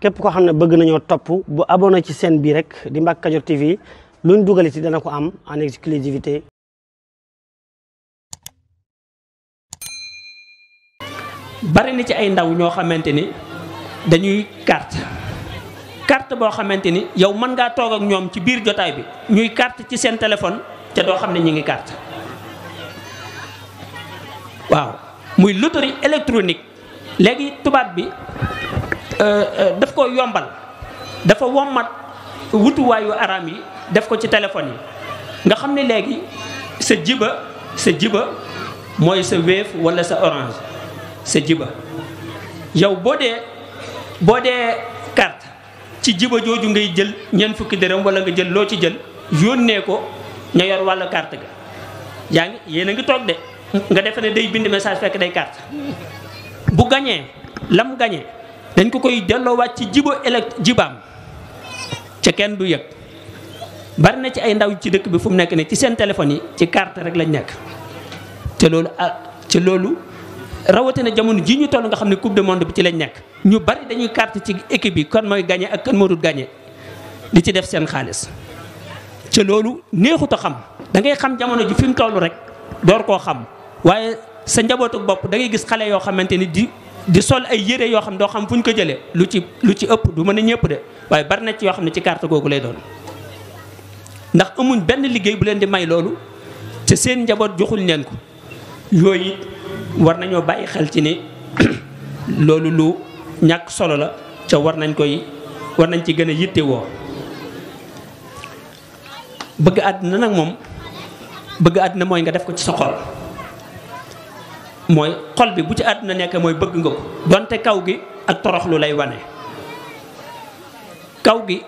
képp koo xam ne bëgg nañoo topp bu abonné ci seen bii rek di Mbacke Kadior TV luñ dugal ci dana ko am en exclusivité bari na ci ay ndaw ñoo xamante ni dañuy carte carte boo xamante ni yow mën ngaa toog ak ñoom ci biir jotaay bi ñuy carte ci seen téléphone te doo xam ne ñu ngi carte waaw muy loterie électronique léegi tubaab bi Euh, euh, daf ko yombal dafa wommat wutuwaayu araam yi def ko ci téléphone yi nga xam ne léegi sa jiba sa jiba mooy sa wéef walla sa orange sa jiba yow boo dee boo dee carte ci jiba jooju ngay jël ñeent fukki dërëm wala nga jël loo ci jël yónnee ko ña yor wàll carte ga yaa ngi yéen a ngi toog de nga defe ne day bind message fekk day carte bu gañee lam gañee dañ ko koy delloowaat ci jibo elect jibaam ca kenn du yëg bari na ci ay ndaw ci dëkk bi fu mu nekk ne ci seen téléphone yi ci carte rek lañ nekk te loolu ah ci loolu rawatina jamono ji ñu toll nga xam ne coupe du monde bi ci lañ nekk ñu bari dañuy kart ci équipe yi kan mooy gagné ak kan moo dul gagné di ci def seen xaalis ca loolu neexut a xam dangay xam jamono ji fi mu rek door koo xam waaye sa njabootu bopp da gis xale yoo xamante ni di di sol ay yére yoo xam doo xam fu ñu ko jëlee lu ci lu ci ëpp du mën a ñëpp de waaye bari na ci yoo xam ne ci carte googu lay doon ndax amuñ benn liggéey bu leen di may loolu te seen njaboot joxuñ leen ko yooyu war nañoo bàyyi xel ci ne loolu lu ñàkk solo la ca war nañ koy war nañ ci gën a yitte woo bëgg àddina nag moom bëgg àddina mooy nga def ko ci sa xol mooy xol bi bu ci àdduna nekk mooy bëgg nga ko donte kaw gi ak toroxlu lay wane kaw gi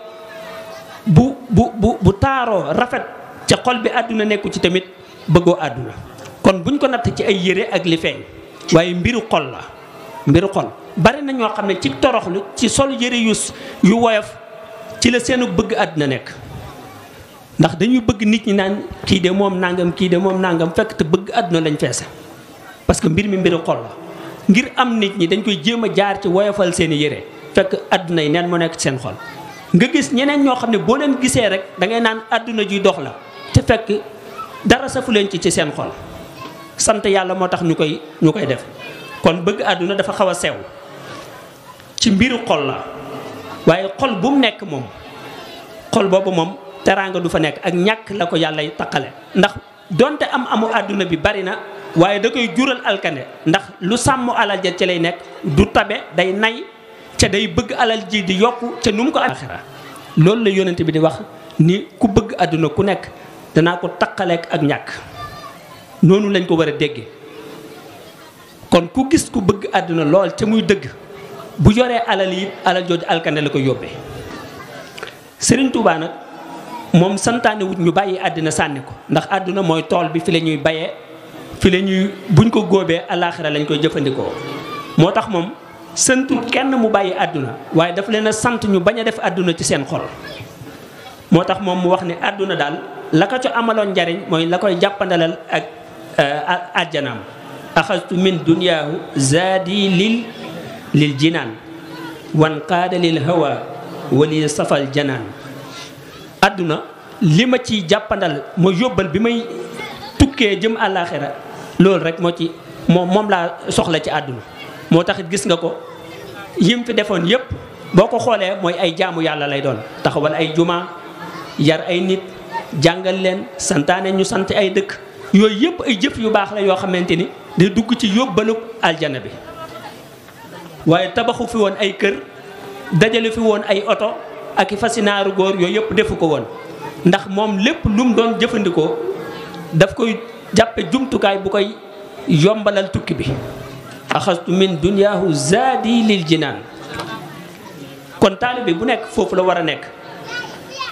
bu bu bu taaroo rafet ca xol bi àdduna nekku ci tamit bëggoo àdduna kon buñ ko natt ci ay yére ak li feeñ waaye mbiru xol la mbiru xol bari na ñoo xam ne ci toroxlu ci sol yére yu yu woyof ci la seenu bëgg àdduna nekk ndax dañuy bëgg nit ñi naan kii de moom nangam kii de moom nangam fekk te bëgg àdduna lañ feese parce que mbir mi mbiru xol la ngir am nit ñi dañ koy jéem a jaar ci woyofal seen i yére fekk àdduna yi neen moo nekk ci seen xol nga gis ñeneen ñoo xam ne boo leen gisee rek dangay naan àdduna juy dox la te fekk dara safu leen ci ci seen xol sant yàlla moo tax ñu koy ñu koy def kon bëgg àdduna dafa xaw a sew ci mbiru xol la waaye xol bu mu nekk moom xol boobu moom teraanga du fa nekk ak ñàkk la ko yàlla taqale ndax donte am amu àdduna bi bari na waaye da koy jural alkande ndax lu sàmm alal ja ca lay nekk du tabe day nay ca day bëgg alal ji di yokk ca nu mu ko axira loolu lay yonent bi di wax ni ku bëgg àdduna ku nekk danaa ko taqaleek ak ñàkk noonu lañ ko war a déggee kon ku gis ku bëgg àdduna lool te muy dëgg bu yoree alal yi alal jooju alkande la koy yóbbe sëriñ Tuubaa nag moom santaane ñu bàyyi àddina sànni ko ndax àdduna mooy tool bi fi la bayee fi la ñuy buñ ko góobee alaaxira lañ koy jëfandikoo moo tax moom sëntu kenn mu bàyyi àdduna waaye daf leen a sant ñu bañ a def àdduna ci seen xol moo tax moom mu wax ni àdduna daal la ko ca amaloon njariñ mooy la koy jàppandalal ak euh, àjjanaam axastu min dunyaahu zaadi lii lil jinaan wan qaada lil hawa safal janaan àdduna li ma ciy jàppandal ma yóbbal bi may tukkee jëm àllaaxira loolu rek moo ci moom moom laa soxla ci àdduna moo taxit gis nga ko yim fi defoon yépp boo ko xoolee mooy ay jaamu yàlla lay doon taxawal ay jumaa yar ay nit jàngal leen santaane ñu sant ay dëkk yooyu yépp ay jëf yu baax la yoo xamante ni day dugg ci yóbbalu aljana bi waaye tabaxu fi woon ay kër dajale fi woon ay oto ak i naaru góor yooyu yépp defu ko woon ndax moom lépp lu doon jëfandikoo daf koy jàppe jumtukaay bu koy yombalal tukki bi axastu min duniyaahu zaadi lil naan kon bi bu nekk foofu la war a nekk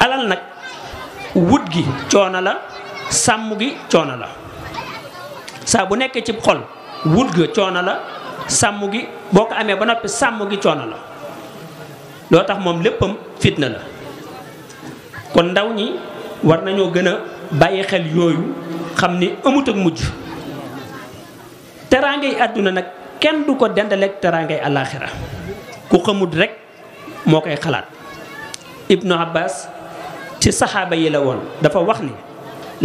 alal nag wut gi coono la sàmm gi coono la saa bu nekkee cib xol wut gi coono la sàmm gi boo ko amee ba noppi sàmm gi coono la loo tax moom léppam fitna la kon ndaw ñi war nañoo gën a bàyyi xel yooyu xam ni amut ak mujj teraangay àdduna nag kenn du ko dendaleeg teraangay alaaxira ku xamut rek moo koy xalaat ibnu abbas ci saxaaba yi la woon dafa wax ni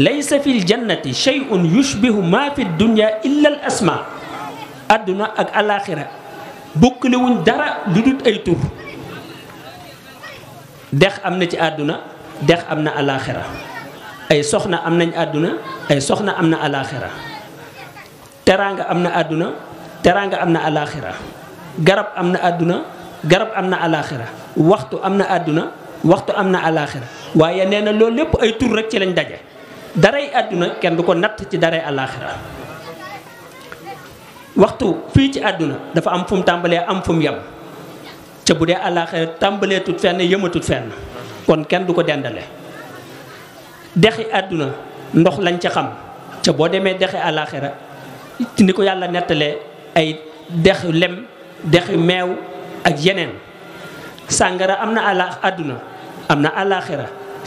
laysa fil jannati shay'un yushbihu ma fi dunya illa al asma àdduna ak alaaxira bokkalewuñ dara lu dut ay tur dex am na ci àdduna dex am na alaaxira ay soxna am nañ àdduna ay soxna am na alaaxira teraanga am na àdduna teraanga am na alaaxira garab am na àdduna garab am na alaaxira waxtu am na àdduna waxtu am na alaaxira waaye nee na loolu lépp ay tur rek ci lañ daje daray àdduna kenn du ko natt ci daray alaaxira waxtu fii ci àdduna dafa am fu tàmbalee am fum mu yem ca bu dee alaaxira tàmbalee tut fenn yëmatut fenn kon kenn du ko dendale dexi àdduna ndox lañ ca xam ca boo demee dexi àllaaxira ni ko yàlla nettalee ay dexu lem dexu meew ak yeneen sàngara am na àlla àdduna am na àllaaxira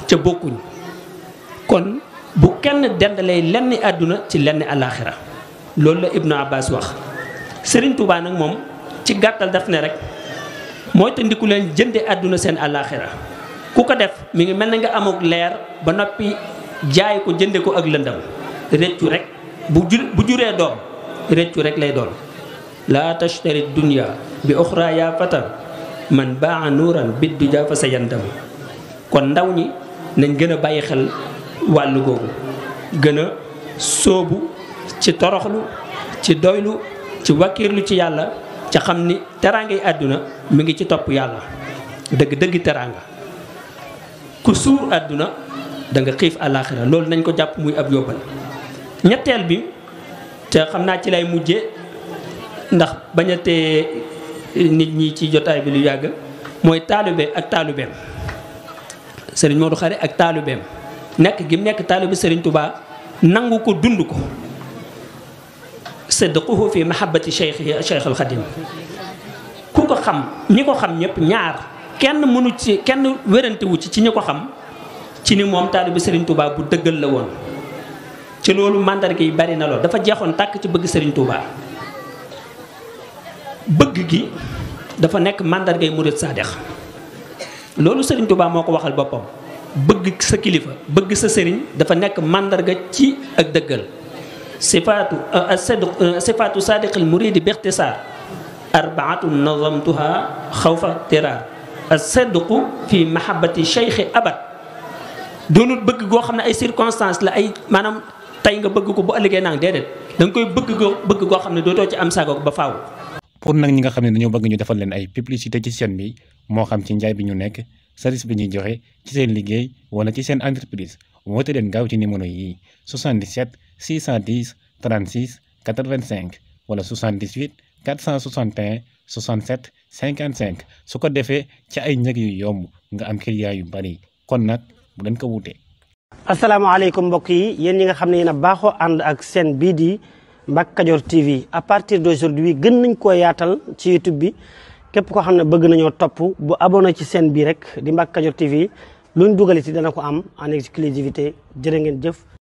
ca bokkuñ kon bu kenn dendalee lenn àdduna ci lenn àllaaxira loolu la Ibnu Abbas wax Sëriñ Tuubaa nag moom ci gàttal daf ne rek mooy te ndiku leen jënde àdduna seen àllaaxira ku ko def mi ngi mel na ngi amuk leer ba noppi jaay ko jënde ko ak lëndam rëccu rek bu juree doom rëccu rekk lay doon laa tashtari dunya bi uxra yaa man baa bit biddu jaa fa sa yandam kon ndaw ñi nañ gën a bàyyi xel wàllu googu gën a sóobu ci toroxlu ci doylu ci wakkiirlu ci yàlla ca xam ni teraangay àdduna mu ngi ci topp yàlla dëgg dëgg teraanga ku suur àdduna danga nga xiif àllaaxira loolu nañ ko jàpp muy ab yóbbal ñetteel bi te xam naa ci lay mujje ndax bañ eh, nit ñi ci jotaay bi lu yàgg mooy taalibe ak taalibeem sëriñ Modou Khare ak taalibeem nekk gi mu nekk taalibe sëriñ Touba nangu ko dund ko saddaquhu fi mahabbati cheikh cheikh al Khadim ku ko xam ñi ko xam ñëpp ñaar kenn mënu ci kenn wérantewu ci ci ñu ko xam ci ni moom bi Serigne Touba bu dëggal la woon ci loolu màndarga yi bari na lool dafa jeexoon tàkk ci bëgg sëriñ Touba bëgg gi dafa nekk màndargay murid saadex loolu sëriñ Touba moo ko waxal boppam bëgg sa kilifa bëgg sa sëriñ dafa nekk màndarga ci ak dëggal sifaatu euh, euh, sifaatu saadiqil muridi bixtisaar arbaatun nazamtuha xawfa tiraar as-sidqu fi mahabbati cheikhi abad doonut bëgg goo xam ne ay circonstances la ay maanaam tey nga bëgg ko bu ëllëgee nang déedéet da nga koy bëgg goo bëgg goo xam ne dootoo ci am sagoog ba faaw. pour nag ñi nga xam ne dañoo bëgg ñu defal leen ay publicité ci seen bi moo xam ci njaay bi ñu nekk service bi ñuy joxe ci seen liggéey wala ci seen entreprise woote leen gaaw ci numéro yi 77 610 36 85 wala 78 461. 67 55 su ko defee ci ay njëg yu yomb nga am client yu bari kon nag bu leen ko wute. asalaamaaleykum mbokk yi yéen ñi nga xam ne yéen na baaxoo ànd ak seen bii di Mbacke Kadior TV à partir d'aujourd'hui gën nañ koo yaatal ci YouTube bi képp koo xam ne bëgg nañoo topp bu abonné ci seen bii rek di Mbacke Kadior TV luñ dugaliti dana ko am en exclusivité jërë ngeen jëf.